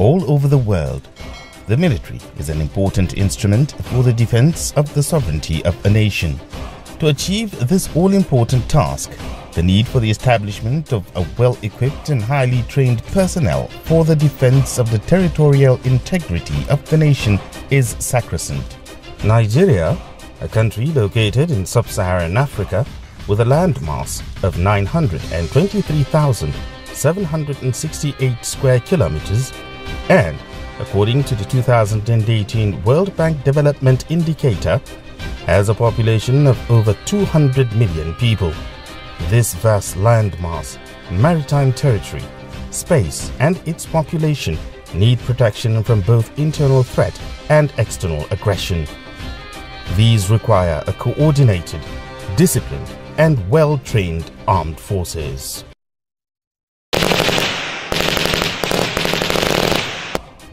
All over the world, the military is an important instrument for the defense of the sovereignty of a nation. To achieve this all-important task, the need for the establishment of a well-equipped and highly trained personnel for the defense of the territorial integrity of the nation is sacrosanct. Nigeria, a country located in sub-Saharan Africa with a landmass of 923,768 square kilometers and according to the 2018 World Bank Development Indicator, has a population of over 200 million people. This vast landmass, maritime territory, space, and its population need protection from both internal threat and external aggression. These require a coordinated, disciplined, and well trained armed forces.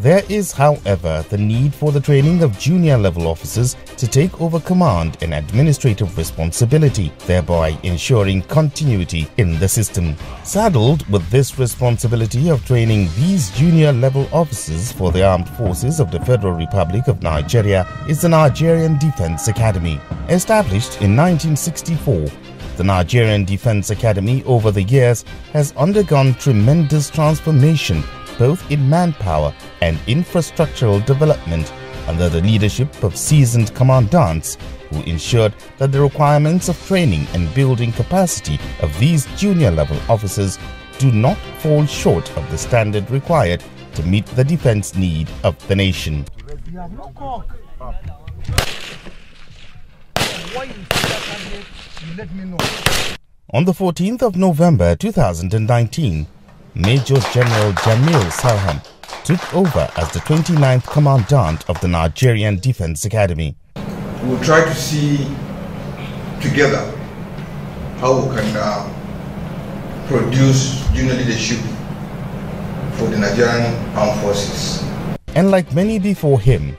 There is, however, the need for the training of junior level officers to take over command and administrative responsibility, thereby ensuring continuity in the system. Saddled with this responsibility of training these junior level officers for the armed forces of the Federal Republic of Nigeria is the Nigerian Defense Academy. Established in 1964, the Nigerian Defense Academy over the years has undergone tremendous transformation both in manpower and infrastructural development under the leadership of seasoned commandants who ensured that the requirements of training and building capacity of these junior level officers do not fall short of the standard required to meet the defense need of the nation. On the 14th of November 2019, Major General Jamil Salham took over as the 29th Commandant of the Nigerian Defense Academy. We'll try to see together how we can uh, produce junior leadership for the Nigerian Armed Forces. And like many before him,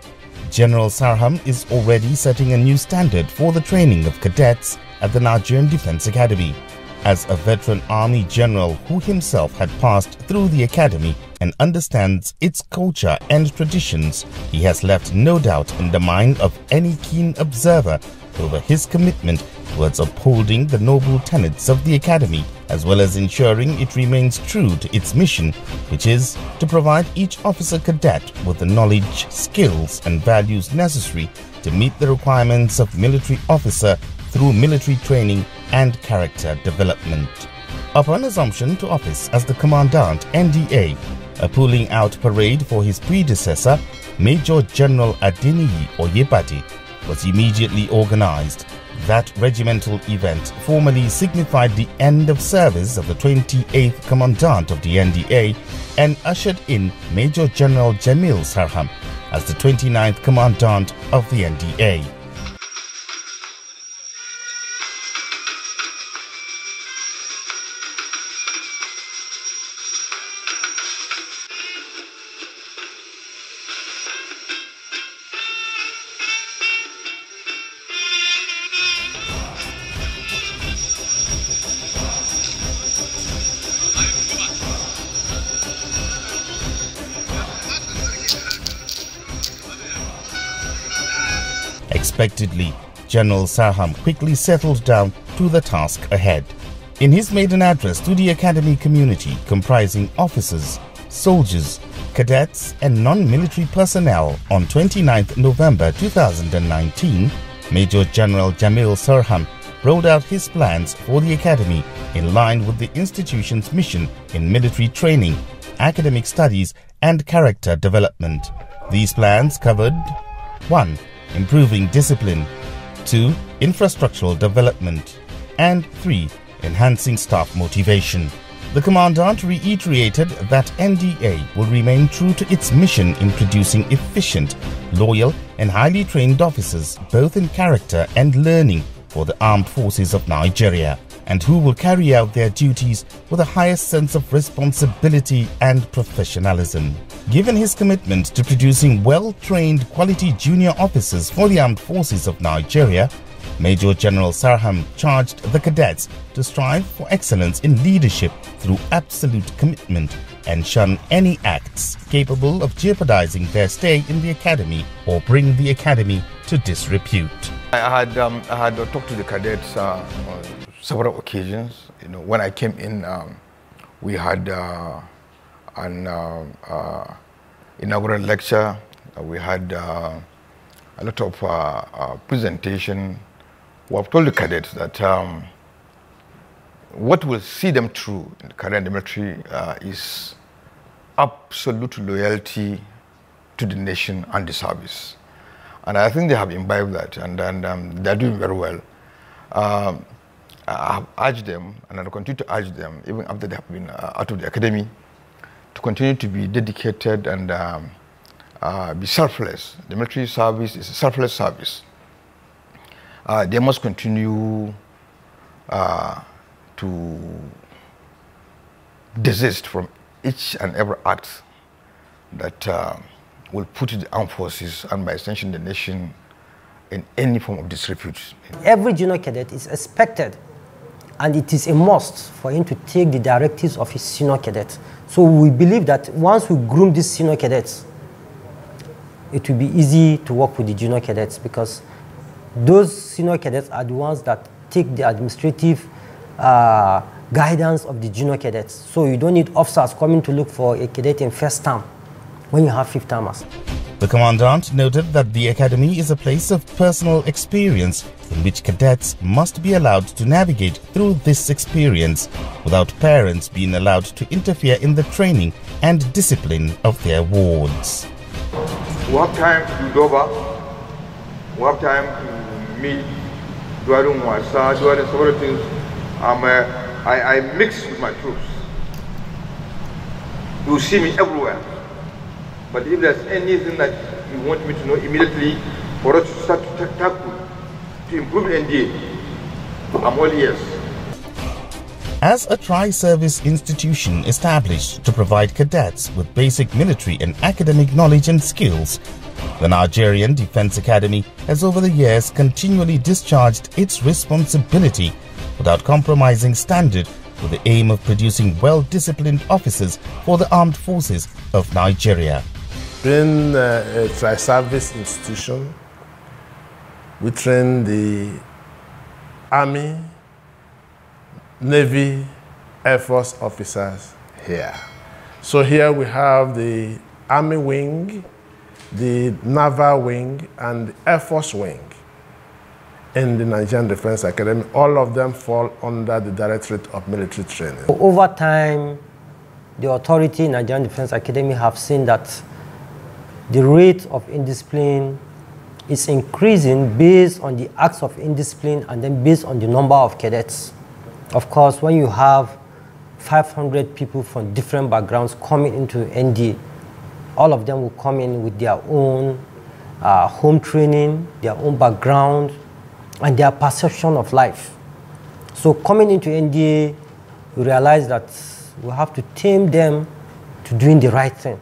General Sarham is already setting a new standard for the training of cadets at the Nigerian Defense Academy as a veteran army general who himself had passed through the academy and understands its culture and traditions, he has left no doubt in the mind of any keen observer over his commitment towards upholding the noble tenets of the academy as well as ensuring it remains true to its mission, which is to provide each officer cadet with the knowledge, skills and values necessary to meet the requirements of military officer through military training and character development. Upon assumption to office as the Commandant NDA, a pulling out parade for his predecessor, Major General Adeniyi Oyebade, was immediately organized. That regimental event formally signified the end of service of the 28th Commandant of the NDA and ushered in Major General Jamil Sarham as the 29th Commandant of the NDA. unexpectedly, General Saham quickly settled down to the task ahead. In his maiden address to the academy community, comprising officers, soldiers, cadets, and non military personnel on 29 November 2019, Major General Jamil Sirham rolled out his plans for the academy in line with the institution's mission in military training, academic studies, and character development. These plans covered 1 improving discipline, 2. Infrastructural development, and 3. Enhancing staff motivation. The commandant reiterated that NDA will remain true to its mission in producing efficient, loyal, and highly trained officers, both in character and learning, for the armed forces of Nigeria, and who will carry out their duties with the highest sense of responsibility and professionalism. Given his commitment to producing well-trained quality junior officers for the armed forces of Nigeria, Major General Sarham charged the cadets to strive for excellence in leadership through absolute commitment and shun any acts capable of jeopardizing their stay in the academy or bring the academy to disrepute. I had, um, I had talked to the cadets uh, on several occasions. You know, when I came in, um, we had uh, an um, uh, inaugural lecture. Uh, we had uh, a lot of presentation. We have told the cadets that um, what will see them through in the current military is absolute loyalty to the nation and the service. And I think they have imbibed that, and, and um, they're doing very well. Um, I have urged them, and I continue to urge them, even after they have been uh, out of the academy, to continue to be dedicated and um, uh, be selfless. The military service is a selfless service. Uh, they must continue uh, to desist from each and every act that um, will put the armed forces and by extension the nation in any form of disrepute. Every junior cadet is expected and it is a must for him to take the directives of his senior cadets. So we believe that once we groom these senior cadets, it will be easy to work with the junior cadets because those senior cadets are the ones that take the administrative uh, guidance of the junior cadets. So you don't need officers coming to look for a cadet in first term when you have fifth termers. The commandant noted that the academy is a place of personal experience in which cadets must be allowed to navigate through this experience without parents being allowed to interfere in the training and discipline of their wards. What time to Doba, we What time to meet, during Wasa, during several things. I'm a, uh, I, I mix with my troops. You see me everywhere. But if there's anything that you want me to know immediately for us to start to tackle, to improve NDA, I'm all ears. As a tri-service institution established to provide cadets with basic military and academic knowledge and skills, the Nigerian Defense Academy has over the years continually discharged its responsibility without compromising standard with the aim of producing well-disciplined officers for the armed forces of Nigeria. Being a, uh, a tri-service institution, we train the Army, Navy, Air Force officers here. So here we have the Army Wing, the Naval Wing, and the Air Force Wing in the Nigerian Defense Academy. All of them fall under the Directorate of Military Training. Over time, the authority in Nigerian Defense Academy have seen that the rate of indiscipline is increasing based on the acts of indiscipline and then based on the number of cadets. Of course, when you have 500 people from different backgrounds coming into ND, all of them will come in with their own uh, home training, their own background, and their perception of life. So coming into NDA, we realize that we have to tame them to doing the right thing.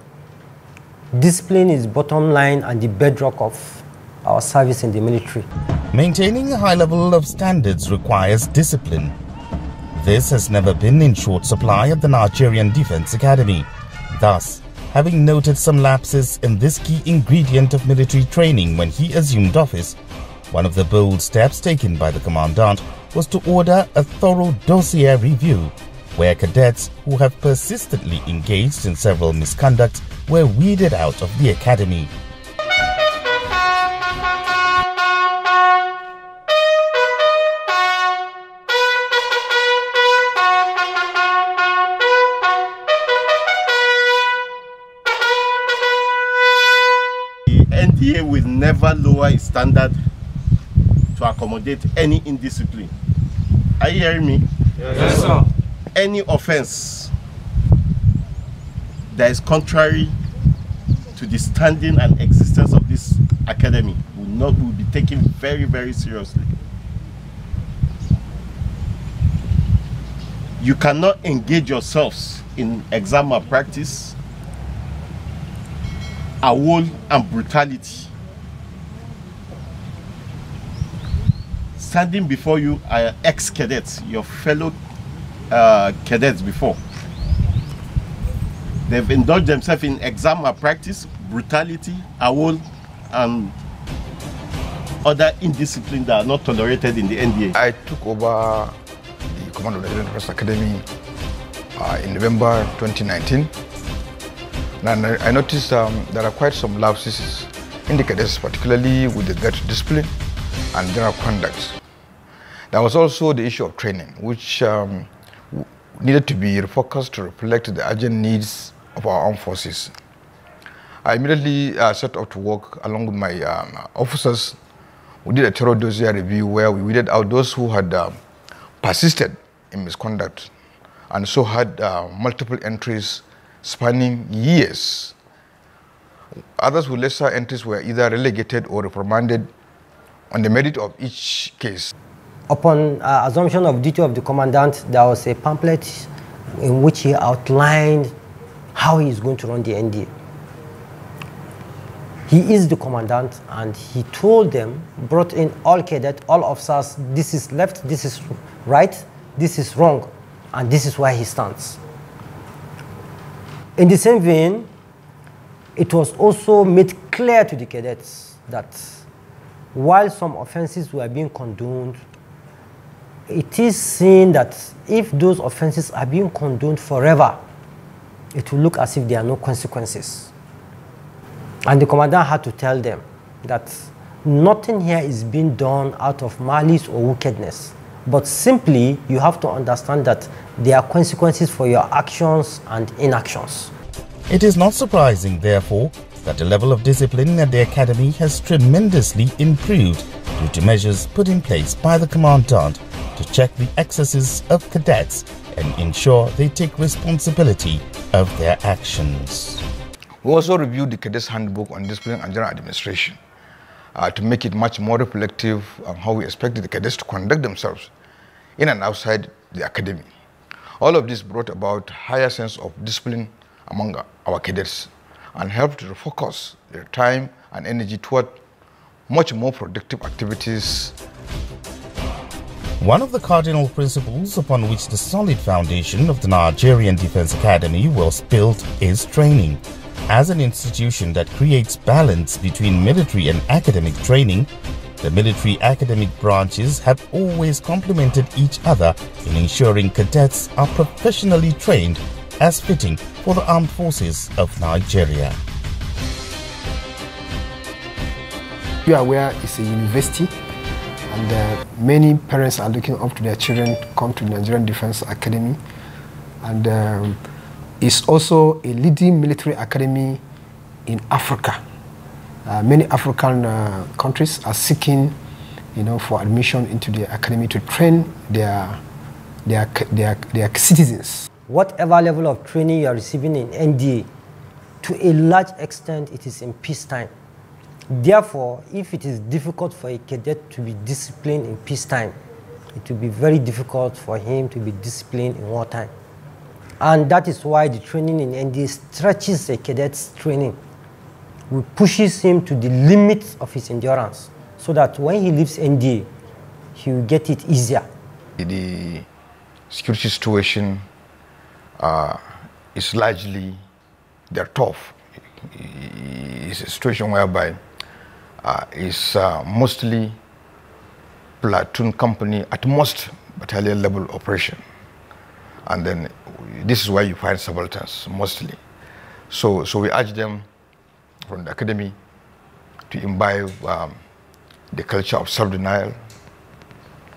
Discipline is bottom line and the bedrock of our service in the military. Maintaining a high level of standards requires discipline. This has never been in short supply at the Nigerian Defense Academy. Thus, having noted some lapses in this key ingredient of military training when he assumed office, one of the bold steps taken by the commandant was to order a thorough dossier review where cadets who have persistently engaged in several misconducts were weeded out of the academy. NDA will never lower its standard to accommodate any indiscipline. Are you hearing me? Yes, sir. Any offense that is contrary to the standing and existence of this academy will not will be taken very very seriously you cannot engage yourselves in exam malpractice a wall and brutality standing before you are ex-cadets your fellow uh, cadets before They've indulged themselves in exam malpractice, brutality, awol, and other indiscipline that are not tolerated in the NDA. I took over the command of the Air Press Academy uh, in November 2019. And I noticed um, there are quite some lapses in particularly with regard to discipline and general conduct. There was also the issue of training, which um, needed to be refocused to reflect the urgent needs of our armed forces. I immediately uh, set out to work along with my um, officers. We did a thorough dossier review where we weeded out those who had um, persisted in misconduct and so had uh, multiple entries spanning years. Others with lesser entries were either relegated or reprimanded on the merit of each case. Upon uh, assumption of duty of the commandant, there was a pamphlet in which he outlined how he is going to run the NDA. He is the commandant and he told them, brought in all cadets, all officers, this is left, this is right, this is wrong, and this is where he stands. In the same vein, it was also made clear to the cadets that while some offenses were being condoned, it is seen that if those offenses are being condoned forever, it will look as if there are no consequences. And the commander had to tell them that nothing here is being done out of malice or wickedness, but simply you have to understand that there are consequences for your actions and inactions. It is not surprising, therefore, that the level of discipline at the academy has tremendously improved due to measures put in place by the commandant to check the excesses of cadets and ensure they take responsibility of their actions. We also reviewed the cadets handbook on discipline and general administration uh, to make it much more reflective on how we expect the cadets to conduct themselves in and outside the academy. All of this brought about higher sense of discipline among our cadets and helped to focus their time and energy toward much more productive activities one of the cardinal principles upon which the solid foundation of the Nigerian Defense Academy was built is training. As an institution that creates balance between military and academic training, the military academic branches have always complemented each other in ensuring cadets are professionally trained as fitting for the armed forces of Nigeria. You are aware it's a university and uh, many parents are looking up to their children to come to the Nigerian Defense Academy. And um, it's also a leading military academy in Africa. Uh, many African uh, countries are seeking, you know, for admission into the academy to train their, their, their, their citizens. Whatever level of training you are receiving in NDA, to a large extent, it is in peacetime. Therefore, if it is difficult for a cadet to be disciplined in peacetime, it will be very difficult for him to be disciplined in wartime. And that is why the training in ND stretches a cadet's training. It pushes him to the limits of his endurance so that when he leaves ND, he will get it easier. The security situation uh, is largely, they're tough. It's a situation whereby uh, is uh, mostly platoon company, at most battalion level operation. And then this is where you find subalterns mostly. So, so we urge them from the academy to imbibe um, the culture of self-denial,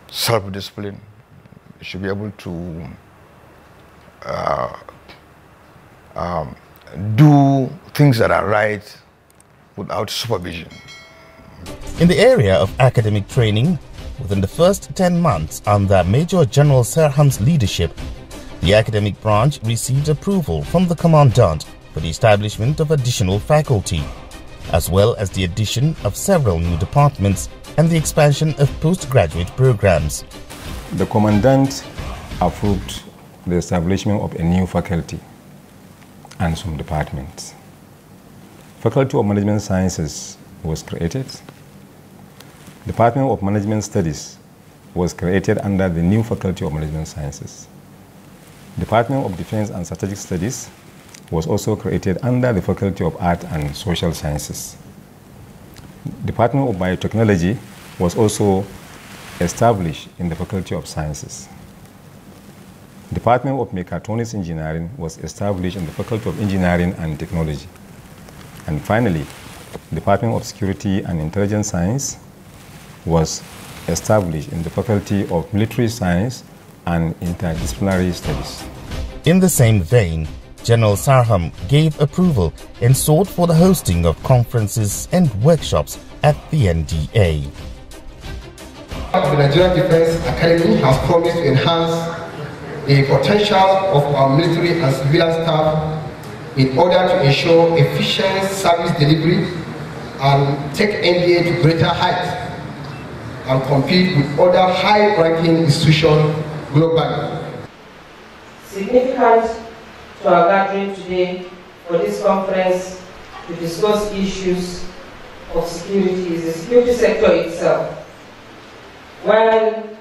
self-discipline. should be able to uh, um, do things that are right without supervision. In the area of academic training, within the first 10 months under Major General Serhan's leadership, the academic branch received approval from the commandant for the establishment of additional faculty, as well as the addition of several new departments and the expansion of postgraduate programs. The commandant approved the establishment of a new faculty and some departments. Faculty of Management Sciences was created. Department of Management Studies was created under the new Faculty of Management Sciences. Department of Defense and Strategic Studies was also created under the Faculty of Art and Social Sciences. Department of Biotechnology was also established in the Faculty of Sciences. Department of Mechatronics Engineering was established in the Faculty of Engineering and Technology. And finally, Department of Security and Intelligence Science was established in the Faculty of Military Science and Interdisciplinary Studies. In the same vein, General Sarham gave approval and sought for the hosting of conferences and workshops at the NDA. The Nigerian Defense Academy has promised to enhance the potential of our military and civilian staff in order to ensure efficient service delivery and take MBA to greater heights and compete with other high-ranking institutions globally. Significant to our gathering today for this conference to discuss issues of security is the security sector itself. While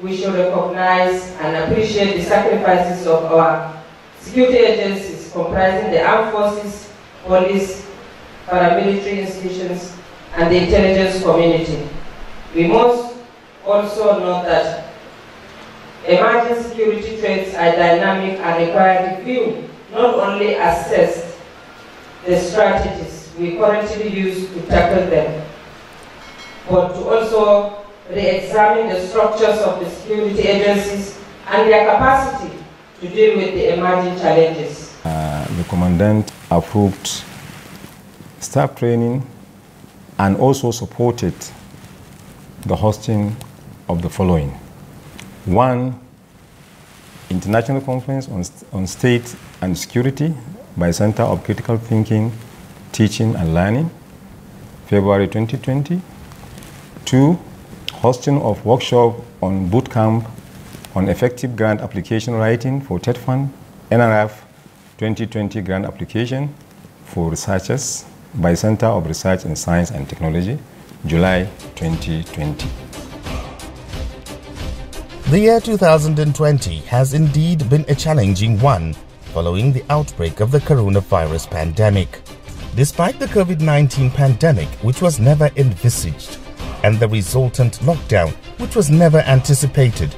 we should recognize and appreciate the sacrifices of our security agencies comprising the armed forces, police, paramilitary institutions, and the intelligence community. We must also note that emerging security threats are dynamic and require review, not only assess the strategies we currently use to tackle them, but to also re-examine the structures of the security agencies and their capacity to deal with the emerging challenges. Uh, the commandant approved staff training, and also supported the hosting of the following. One, International Conference on, on State and Security by Center of Critical Thinking, Teaching and Learning, February 2020. Two, hosting of workshop on boot camp on effective grant application writing for TED Fund, NRF 2020 grant application for researchers by Center of Research in Science and Technology, July 2020. The year 2020 has indeed been a challenging one following the outbreak of the coronavirus pandemic. Despite the COVID-19 pandemic, which was never envisaged, and the resultant lockdown, which was never anticipated,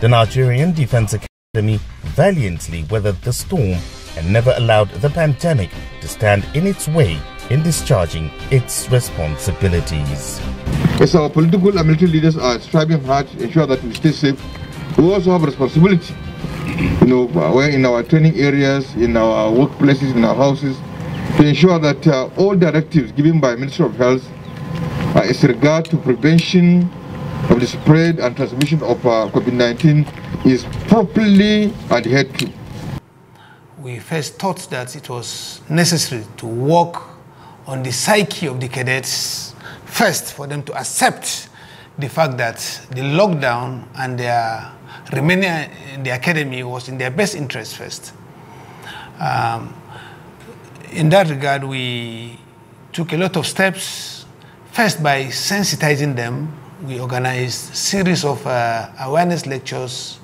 the Nigerian Defense Academy valiantly weathered the storm and never allowed the pandemic to stand in its way in discharging its responsibilities. Yes, our political and military leaders are striving hard to ensure that we stay safe, we also have responsibility. You know, we're in our training areas, in our workplaces, in our houses, to ensure that uh, all directives given by Ministry of Health uh, as regard to prevention of the spread and transmission of uh, COVID-19 is properly adhered to we first thought that it was necessary to work on the psyche of the cadets first for them to accept the fact that the lockdown and their remaining in the academy was in their best interest first. Um, in that regard, we took a lot of steps. First, by sensitizing them, we organized series of uh, awareness lectures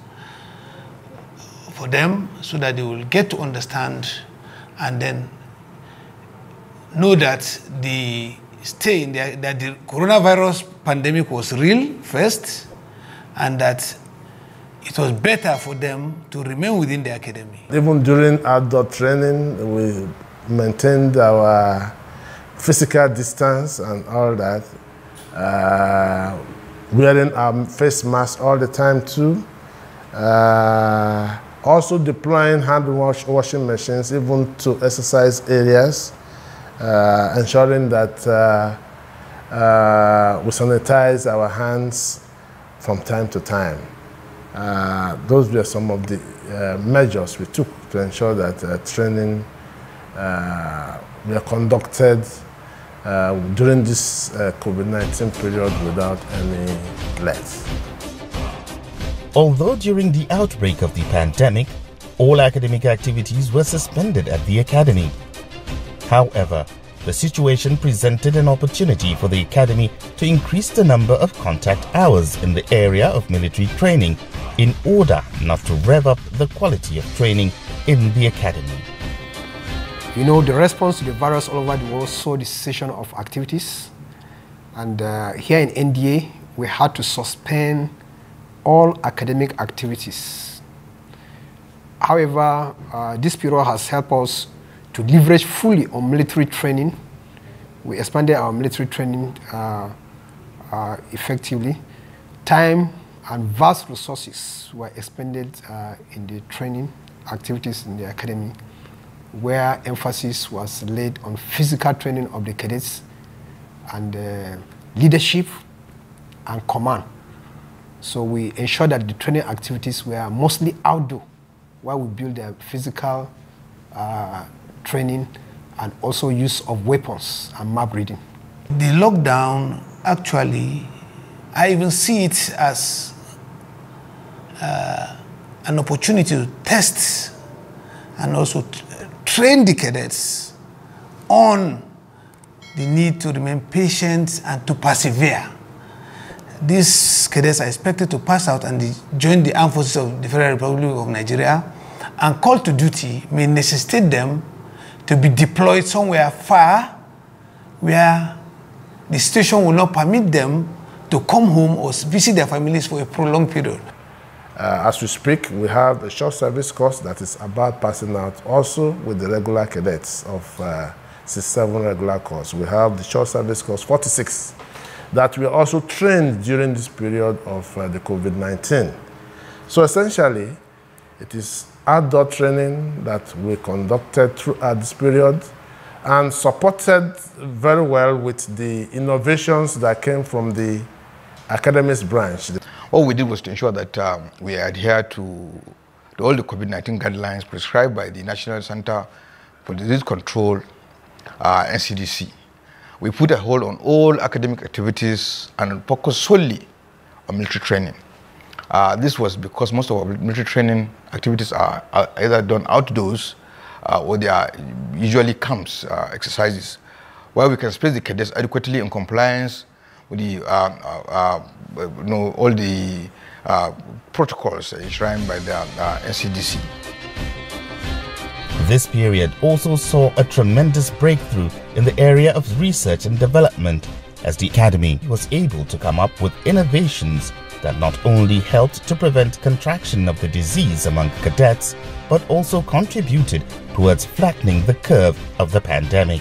for them so that they will get to understand and then know that the stay in the, that the coronavirus pandemic was real first and that it was better for them to remain within the academy. Even during outdoor training, we maintained our physical distance and all that. Uh, wearing our face masks all the time too. Uh, also deploying hand wash, washing machines even to exercise areas, uh, ensuring that uh, uh, we sanitize our hands from time to time. Uh, those were some of the uh, measures we took to ensure that uh, training were conducted during this COVID-19 period without any let. Although during the outbreak of the pandemic, all academic activities were suspended at the academy. However, the situation presented an opportunity for the academy to increase the number of contact hours in the area of military training in order not to rev up the quality of training in the academy. You know, the response to the virus all over the world saw the cessation of activities. And uh, here in NDA, we had to suspend all academic activities. However, uh, this period has helped us to leverage fully on military training. We expanded our military training uh, uh, effectively. Time and vast resources were expended uh, in the training activities in the academy, where emphasis was laid on physical training of the cadets and uh, leadership and command. So we ensure that the training activities were mostly outdoor while we build the physical uh, training and also use of weapons and map reading. The lockdown, actually, I even see it as uh, an opportunity to test and also train the cadets on the need to remain patient and to persevere. These cadets are expected to pass out and join the armed forces of the Federal Republic of Nigeria, and call to duty may necessitate them to be deployed somewhere far where the situation will not permit them to come home or visit their families for a prolonged period. Uh, as we speak, we have a short service course that is about passing out also with the regular cadets of uh, 67 regular course. We have the short service course 46 that were also trained during this period of uh, the COVID-19. So essentially, it is adult training that we conducted throughout this period and supported very well with the innovations that came from the academics branch. All we did was to ensure that um, we adhere to all the COVID-19 guidelines prescribed by the National Center for Disease Control, uh, NCDC we put a hold on all academic activities and focused solely on military training. Uh, this was because most of our military training activities are, are either done outdoors uh, or they are usually camps uh, exercises, where we can space the cadets adequately in compliance with the, uh, uh, uh, you know, all the protocols enshrined by the NCDC. This period also saw a tremendous breakthrough in the area of research and development as the Academy was able to come up with innovations that not only helped to prevent contraction of the disease among cadets, but also contributed towards flattening the curve of the pandemic.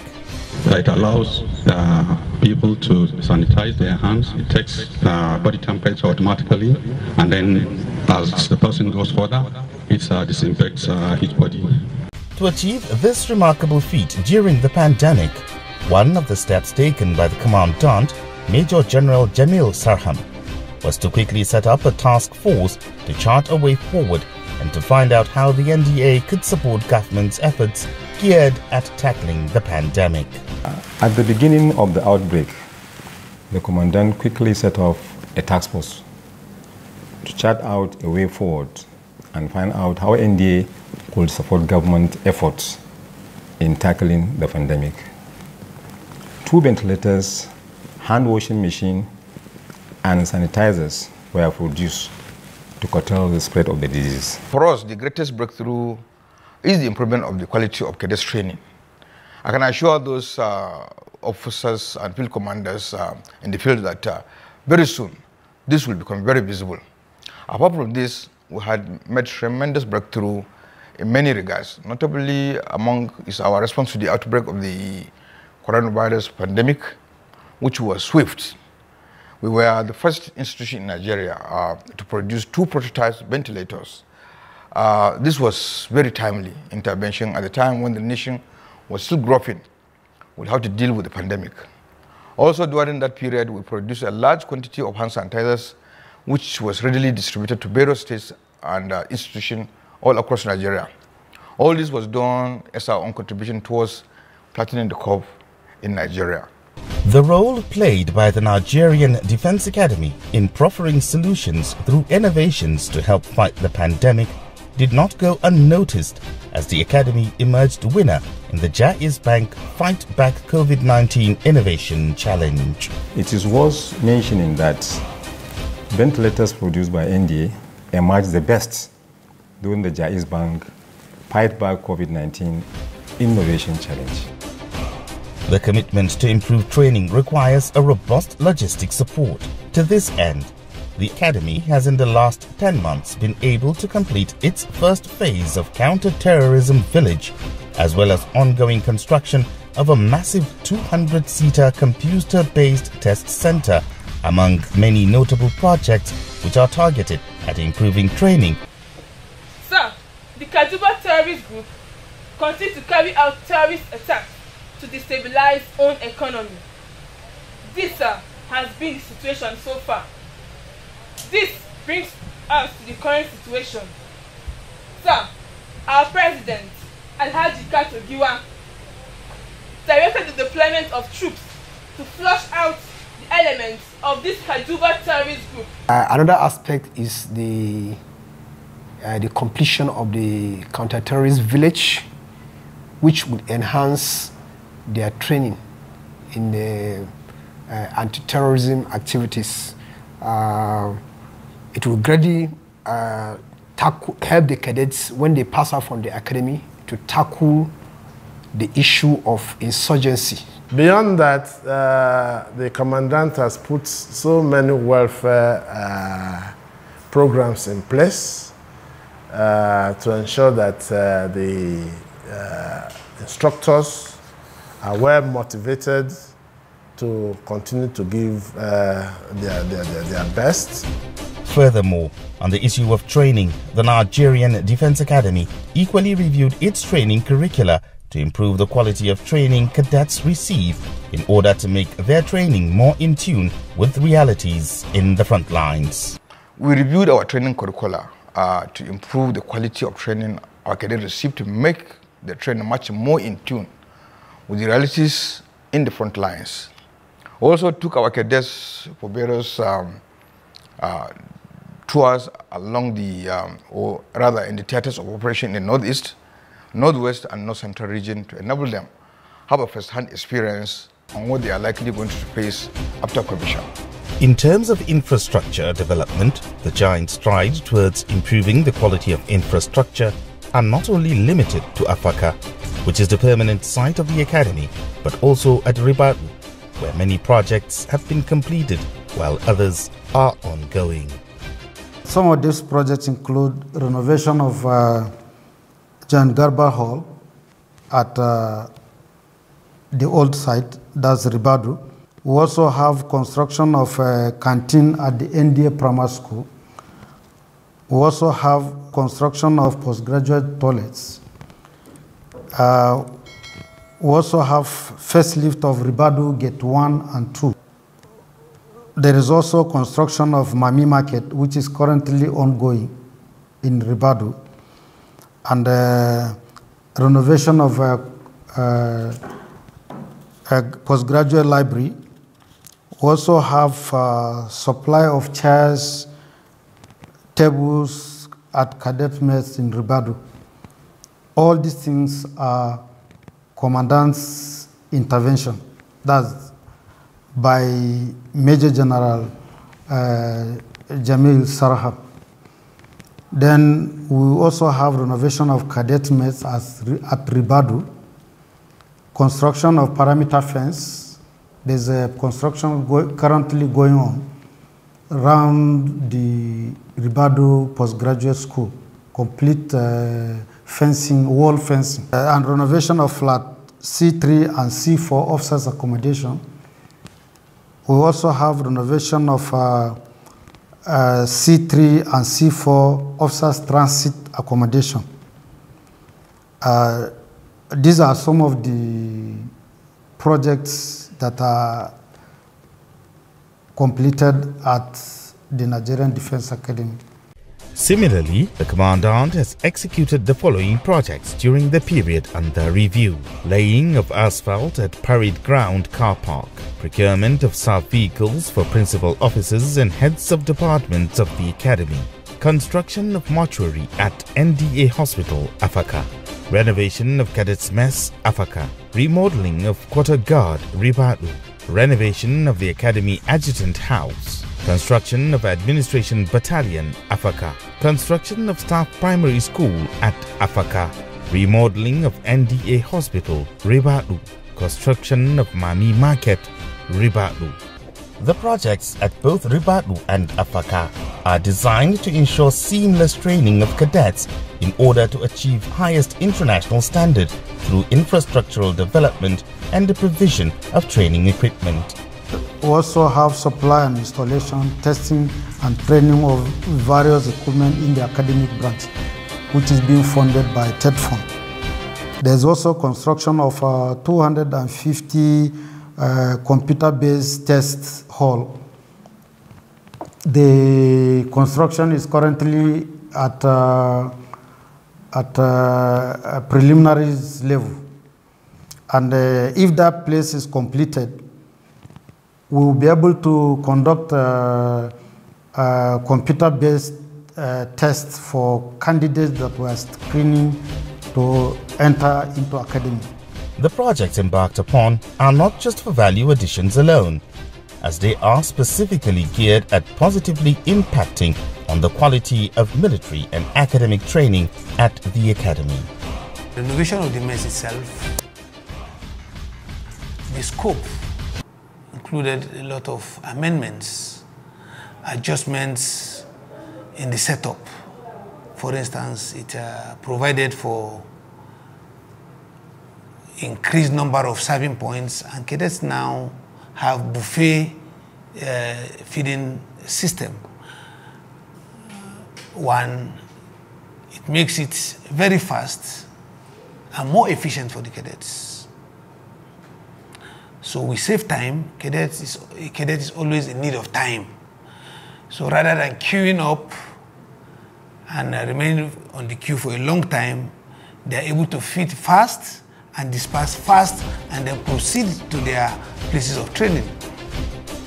It allows uh, people to sanitize their hands. It takes uh, body temperature automatically, and then as the person goes further, it uh, disinfects uh, his body to achieve this remarkable feat during the pandemic, one of the steps taken by the commandant, Major General Jamil Sarham, was to quickly set up a task force to chart a way forward and to find out how the NDA could support government's efforts geared at tackling the pandemic. At the beginning of the outbreak, the commandant quickly set off a task force to chart out a way forward and find out how NDA will support government efforts in tackling the pandemic. Two ventilators, hand washing machine, and sanitizers were produced to curtail the spread of the disease. For us, the greatest breakthrough is the improvement of the quality of cadets training. I can assure those uh, officers and field commanders uh, in the field that uh, very soon this will become very visible. Apart from this, we had made tremendous breakthrough in many regards. Notably, among is our response to the outbreak of the coronavirus pandemic, which was swift. We were the first institution in Nigeria uh, to produce two prototype ventilators. Uh, this was very timely intervention at the time when the nation was still groping with how to deal with the pandemic. Also, during that period, we produced a large quantity of hand sanitizers, which was readily distributed to various states and uh, institutions all across Nigeria. All this was done as our own contribution towards flattening the curve in Nigeria. The role played by the Nigerian Defense Academy in proffering solutions through innovations to help fight the pandemic did not go unnoticed as the Academy emerged winner in the Jai's Bank Fight Back COVID 19 Innovation Challenge. It is worth mentioning that ventilators produced by NDA emerged the best during the Jais Bank Fight Back COVID-19 Innovation Challenge. The commitment to improve training requires a robust logistic support. To this end, the Academy has in the last 10 months been able to complete its first phase of counter-terrorism village, as well as ongoing construction of a massive 200-seater computer-based test center, among many notable projects which are targeted at improving training the Kaduba terrorist group continue to carry out terrorist attacks to destabilize own economy. This uh, has been the situation so far. This brings us to the current situation. Sir, our president, Alhaji Katogiwa, directed the deployment of troops to flush out the elements of this Kaduba terrorist group. Uh, another aspect is the uh, the completion of the counter-terrorist village, which would enhance their training in the uh, anti-terrorism activities. Uh, it will gradually uh, help the cadets when they pass out from the academy to tackle the issue of insurgency. Beyond that, uh, the commandant has put so many welfare uh, programs in place uh, to ensure that uh, the uh, instructors are well motivated to continue to give uh, their, their, their, their best. Furthermore, on the issue of training, the Nigerian Defense Academy equally reviewed its training curricula to improve the quality of training cadets receive in order to make their training more in tune with realities in the front lines. We reviewed our training curricula uh, to improve the quality of training our cadets receive to make the training much more in tune with the realities in the front lines. Also took our cadets for various um, uh, tours along the, um, or rather in the theaters of operation in the Northeast, Northwest and North Central region to enable them have a first-hand experience on what they are likely going to face after commission. In terms of infrastructure development, the giant strides towards improving the quality of infrastructure are not only limited to Afaka, which is the permanent site of the academy, but also at Ribadu, where many projects have been completed while others are ongoing. Some of these projects include renovation of uh, John Garba Hall at uh, the old site, that's Ribadu, we also have construction of a canteen at the NDA Primary School. We also have construction of postgraduate toilets. Uh, we also have first lift of Ribadu Gate 1 and 2. There is also construction of Mami Market, which is currently ongoing in Ribadu, and uh, renovation of a, a, uh, a postgraduate library we also have uh, supply of chairs, tables at cadet mess in Ribadu. All these things are commandant's intervention. That's by Major General uh, Jamil Sarhab. Then we also have renovation of cadet mess at Ribadu, construction of parameter fence, there's a construction go currently going on around the Ribado Postgraduate School, complete uh, fencing, wall fencing, uh, and renovation of flat C3 and C4 officers accommodation. We also have renovation of uh, uh C3 and C4 officers transit accommodation. Uh, these are some of the projects that are completed at the Nigerian Defense Academy. Similarly, the Commandant has executed the following projects during the period under review. Laying of asphalt at Parried Ground Car Park, procurement of sub vehicles for principal officers and heads of departments of the Academy, construction of mortuary at NDA Hospital, Afaka, renovation of Cadets Mess Afaka, remodeling of Quarter Guard Ribadu, renovation of the Academy Adjutant House, construction of Administration Battalion Afaka, construction of Staff Primary School at Afaka, remodeling of NDA Hospital Ribadu, construction of Mami Market Ribadu. The projects at both Ribadu and Afaka are designed to ensure seamless training of cadets in order to achieve highest international standard through infrastructural development and the provision of training equipment. We also have supply and installation, testing and training of various equipment in the academic branch, which is being funded by TED Fund. There's also construction of uh, 250 uh, computer-based test hall. The construction is currently at, uh, at uh, level. And uh, if that place is completed, we will be able to conduct uh, computer-based tests for candidates that were screening to enter into academia the projects embarked upon are not just for value additions alone, as they are specifically geared at positively impacting on the quality of military and academic training at the Academy. The Renovation of the mess itself, the scope included a lot of amendments, adjustments in the setup. For instance, it uh, provided for increased number of serving points, and cadets now have buffet uh, feeding system. One, it makes it very fast and more efficient for the cadets. So we save time. Cadets is, a cadet is always in need of time. So rather than queuing up and uh, remaining on the queue for a long time, they are able to feed fast and disperse fast and then proceed to their places of training.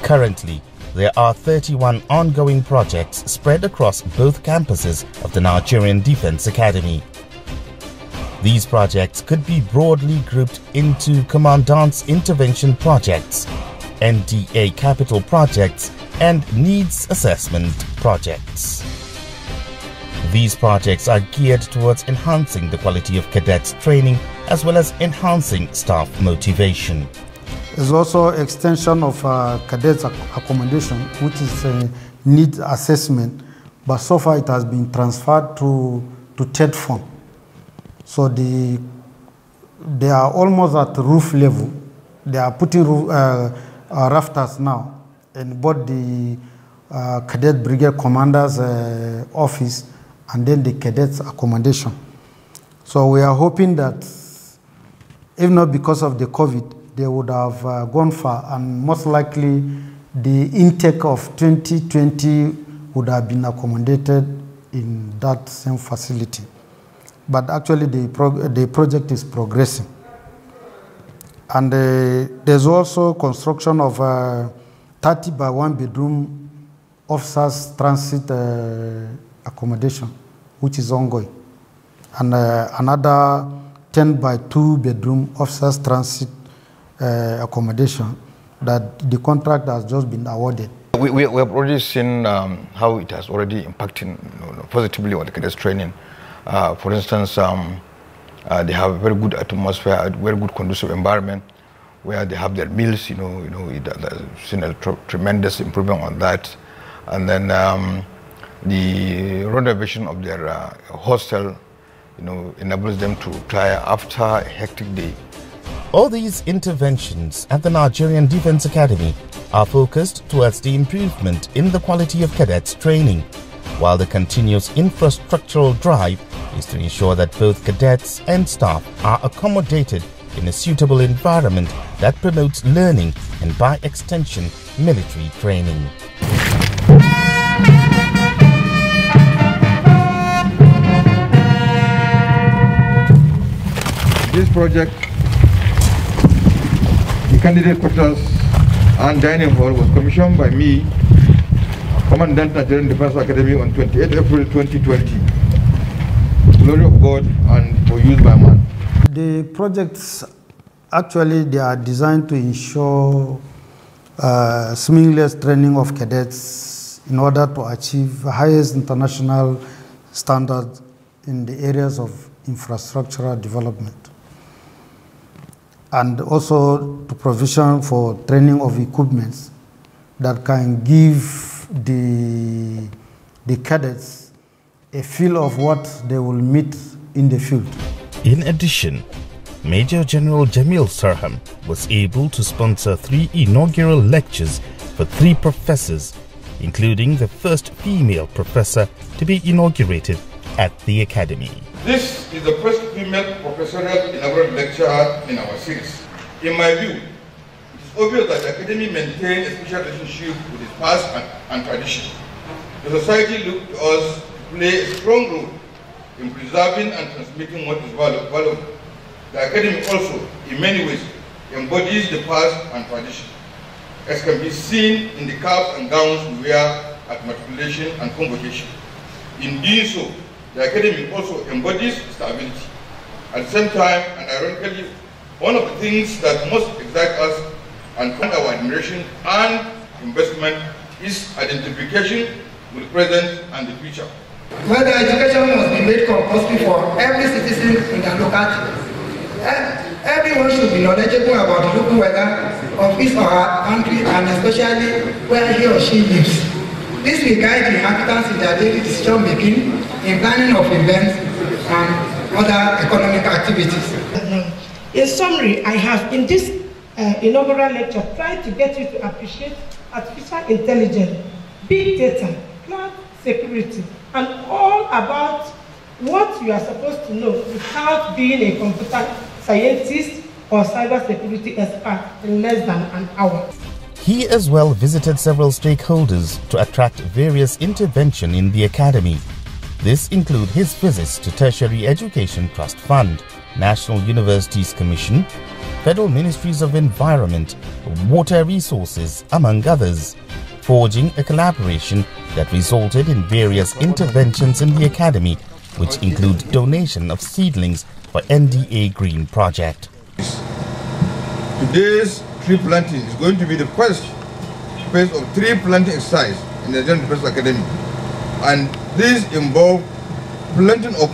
Currently, there are 31 ongoing projects spread across both campuses of the Nigerian Defense Academy. These projects could be broadly grouped into Commandant's Intervention Projects, NDA Capital Projects, and Needs Assessment Projects. These projects are geared towards enhancing the quality of cadets' training as well as enhancing staff motivation. There's also extension of uh, cadets accommodation, which is a need assessment, but so far it has been transferred to, to third form. So the, they are almost at roof level. They are putting roof, uh, uh, rafters now, and both the uh, cadet brigade commander's uh, office and then the cadets accommodation. So we are hoping that if not because of the COVID, they would have uh, gone far, and most likely the intake of 2020 would have been accommodated in that same facility. But actually, the, prog the project is progressing. And uh, there's also construction of a 30 by 1 bedroom officers' transit uh, accommodation, which is ongoing. And uh, another 10 by 2 bedroom officers transit uh, accommodation that the contract has just been awarded. We, we, we have already seen um, how it has already impacted positively on the cadets training. Uh, for instance, um, uh, they have a very good atmosphere, a very good conducive environment where they have their meals, you know, you know, it, have uh, seen a tr tremendous improvement on that. And then um, the renovation of their uh, hostel you know, enables them to retire after a hectic day. All these interventions at the Nigerian Defense Academy are focused towards the improvement in the quality of cadets training, while the continuous infrastructural drive is to ensure that both cadets and staff are accommodated in a suitable environment that promotes learning and by extension military training. project, the candidate quarters and dining hall was commissioned by me, Commandant Nigerian Defense Academy on 28 April 2020. Glory of God and for use by man. The projects actually they are designed to ensure uh, seamless training of cadets in order to achieve highest international standards in the areas of infrastructural development and also to provision for training of equipments that can give the, the cadets a feel of what they will meet in the field. In addition, Major General Jamil Sarham was able to sponsor three inaugural lectures for three professors, including the first female professor to be inaugurated at the Academy. This is the first female professorial inaugural lecture in our series. In my view, it's obvious that the Academy maintains a special relationship with its past and, and tradition. The society looks to us to play a strong role in preserving and transmitting what is valuable. The Academy also, in many ways, embodies the past and tradition, as can be seen in the caps and gowns we wear at matriculation and convocation. In doing so, the academy also embodies stability. At the same time, and ironically, one of the things that most excite us and find our admiration and investment is identification with the present and the future. Weather education must be made compulsory for every citizen in the locality. Everyone should be knowledgeable about the local weather of his or her country and especially where he or she lives. This will guide the inhabitants in their daily decision making in planning of events and other economic activities. In summary, I have in this uh, inaugural lecture tried to get you to appreciate artificial intelligence, big data, cloud security, and all about what you are supposed to know without being a computer scientist or cybersecurity expert in less than an hour. He as well visited several stakeholders to attract various intervention in the academy. This include his visits to Tertiary Education Trust Fund, National Universities Commission, Federal Ministries of Environment, Water Resources, among others, forging a collaboration that resulted in various interventions in the academy, which include donation of seedlings for NDA Green Project. Today's tree planting is going to be the first phase of tree planting exercise in the General Defense Academy and these involve planting of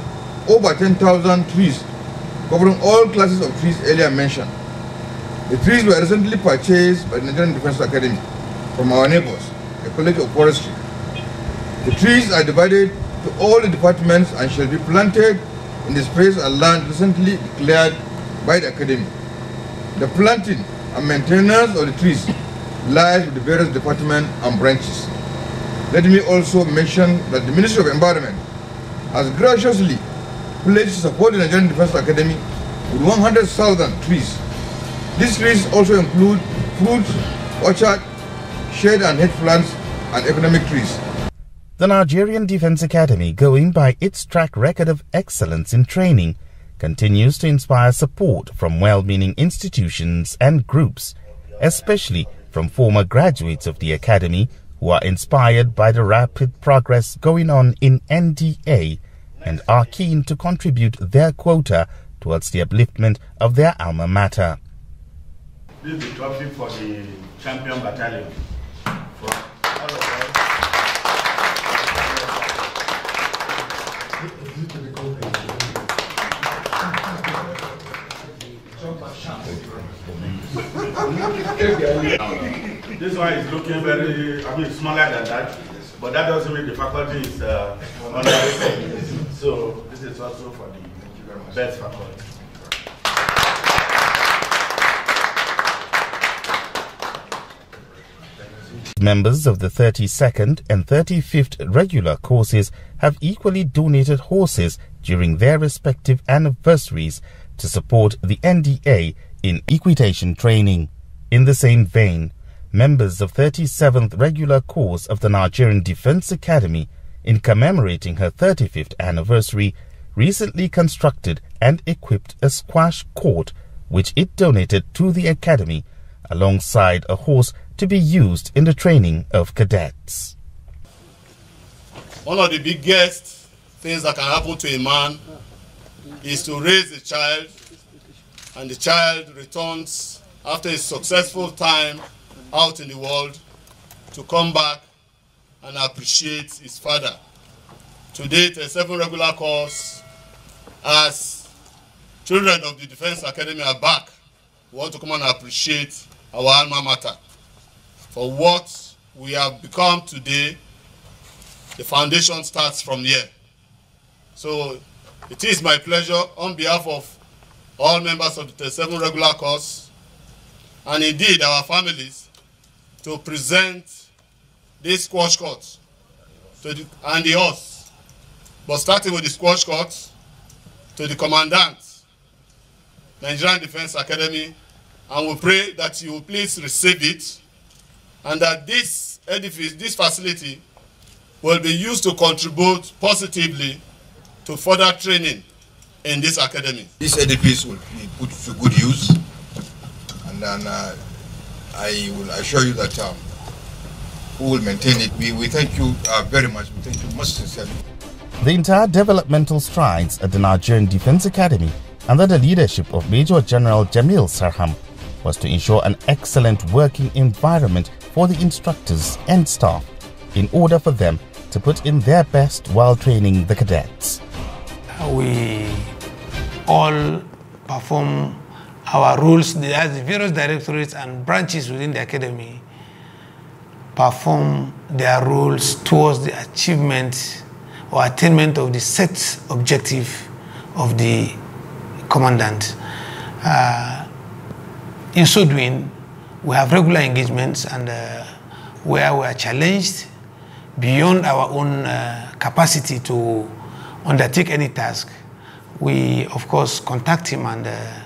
over 10,000 trees, covering all classes of trees earlier mentioned. The trees were recently purchased by the Nigerian Defense Academy from our neighbors, the College of Forestry. The trees are divided to all the departments and shall be planted in the space and land recently declared by the Academy. The planting and maintenance of the trees lies with the various departments and branches. Let me also mention that the Ministry of Environment has graciously pledged support the Nigerian Defense Academy with 100,000 trees. These trees also include fruit, orchard, shade and hedge plants, and economic trees. The Nigerian Defense Academy, going by its track record of excellence in training, continues to inspire support from well-meaning institutions and groups, especially from former graduates of the Academy who are inspired by the rapid progress going on in NDA and are keen to contribute their quota towards the upliftment of their alma mater. This is the trophy for the champion battalion. For all of us. This one is looking very, I mean, smaller than that, but that doesn't mean the faculty is uh, So this is also for the best faculty. Members of the 32nd and 35th regular courses have equally donated horses during their respective anniversaries to support the NDA in equitation training. In the same vein, members of 37th regular course of the Nigerian Defense Academy in commemorating her 35th anniversary recently constructed and equipped a squash court which it donated to the academy alongside a horse to be used in the training of cadets. One of the biggest things that can happen to a man is to raise a child and the child returns after a successful time out in the world to come back and appreciate his father. Today, date, a seven regular course as children of the Defense Academy are back. We want to come and appreciate our alma mater for what we have become today. The foundation starts from here. So it is my pleasure on behalf of all members of the 37 regular course and indeed our families to present this squash court the, and the horse. But starting with the squash court to the commandant, Nigerian Defense Academy, and we pray that you will please receive it and that this edifice, this facility, will be used to contribute positively to further training in this academy. This edifice will be put to good use and then uh, I will assure you that um, we will maintain it. We, we thank you uh, very much. We thank you most sincerely. The entire developmental strides at the Nigerian Defense Academy under the leadership of Major General Jamil Sarham was to ensure an excellent working environment for the instructors and staff in order for them to put in their best while training the cadets. We all perform our roles, as the various directorates and branches within the academy perform their roles towards the achievement or attainment of the set objective of the commandant. Uh, in so doing, we have regular engagements and uh, where we are challenged beyond our own uh, capacity to undertake any task, we of course contact him and uh,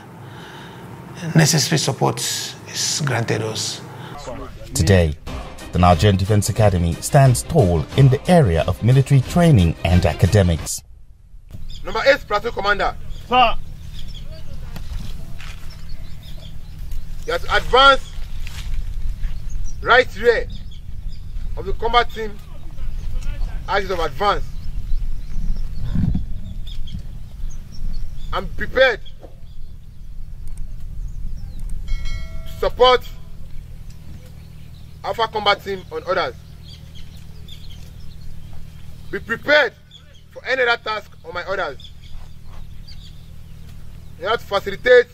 necessary support is granted us. Today, the Nigerian Defense Academy stands tall in the area of military training and academics. Number 8 Platoon Commander. Sir. to advance right rear of the combat team axis of advance. I'm prepared support Alpha Combat Team and others. Be prepared for any other task on my orders. In order to facilitate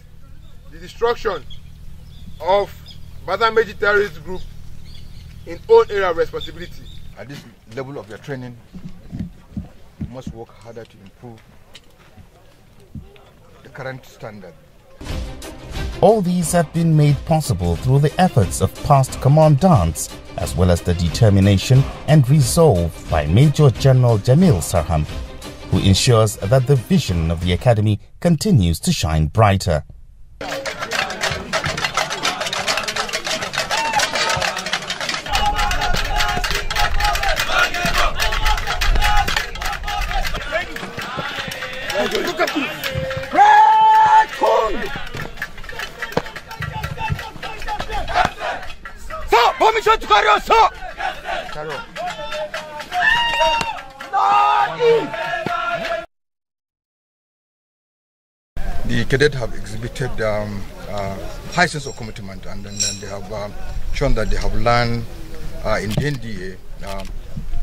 the destruction of Bazameji terrorist group in all area of responsibility. At this level of your training, you must work harder to improve the current standard. All these have been made possible through the efforts of past commandants, as well as the determination and resolve by Major General Jamil Sarham, who ensures that the vision of the Academy continues to shine brighter. cadets have exhibited um, uh, high sense of commitment and, and they have um, shown that they have learned uh, in the NDA um,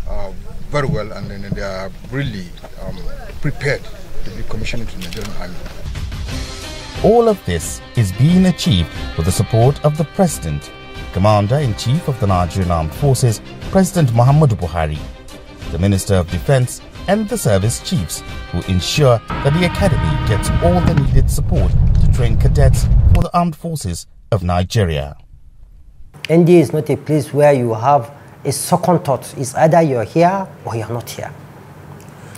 uh, very well and, they are really um, prepared to be commissioned into the Nigerian Army. All of this is being achieved with the support of the President, Commander-in-Chief of the Nigerian Armed Forces, President Muhammadu Buhari, the Minister of Defense and the Service Chiefs who ensure that the Academy gets all the needed support to train cadets for the armed forces of Nigeria. NDA is not a place where you have a second thought. It's either you're here or you're not here.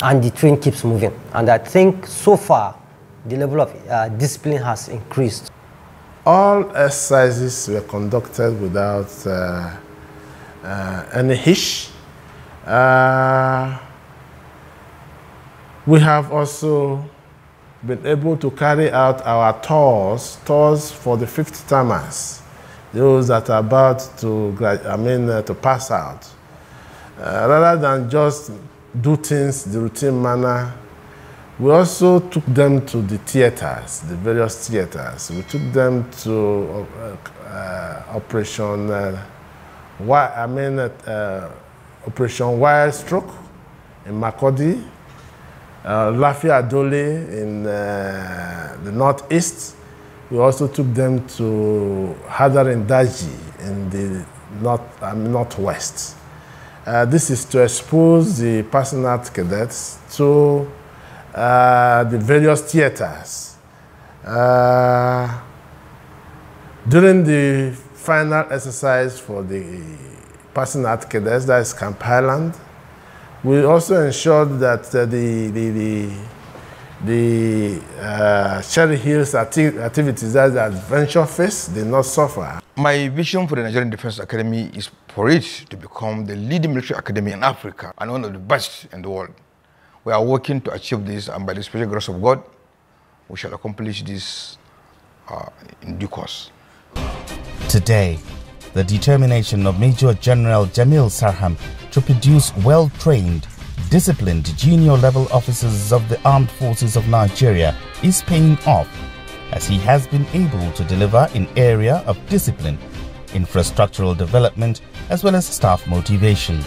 And the train keeps moving. And I think so far, the level of uh, discipline has increased. All exercises were conducted without uh, uh, any hitch. Uh, we have also been able to carry out our tours, tours for the fifth timers, those that are about to, I mean, uh, to pass out. Uh, rather than just do things the routine manner, we also took them to the theaters, the various theaters. We took them to uh, uh Operation, uh, I mean, uh, Operation Wire Stroke in Makodi, uh, Lafia Adole in uh, the northeast. We also took them to Hadar and Daji in the north, um, northwest. Uh, this is to expose the out cadets to uh, the various theaters. Uh, during the final exercise for the passing out cadets, that is Camp Highland, we also ensured that uh, the, the, the, the uh, Cherry Hills acti activities, that the adventure phase, did not suffer. My vision for the Nigerian Defense Academy is for it to become the leading military academy in Africa and one of the best in the world. We are working to achieve this, and by the special grace of God, we shall accomplish this uh, in due course. Today, the determination of Major General Jamil Sarham to produce well trained, disciplined junior level officers of the armed forces of Nigeria is paying off as he has been able to deliver in area of discipline, infrastructural development as well as staff motivation.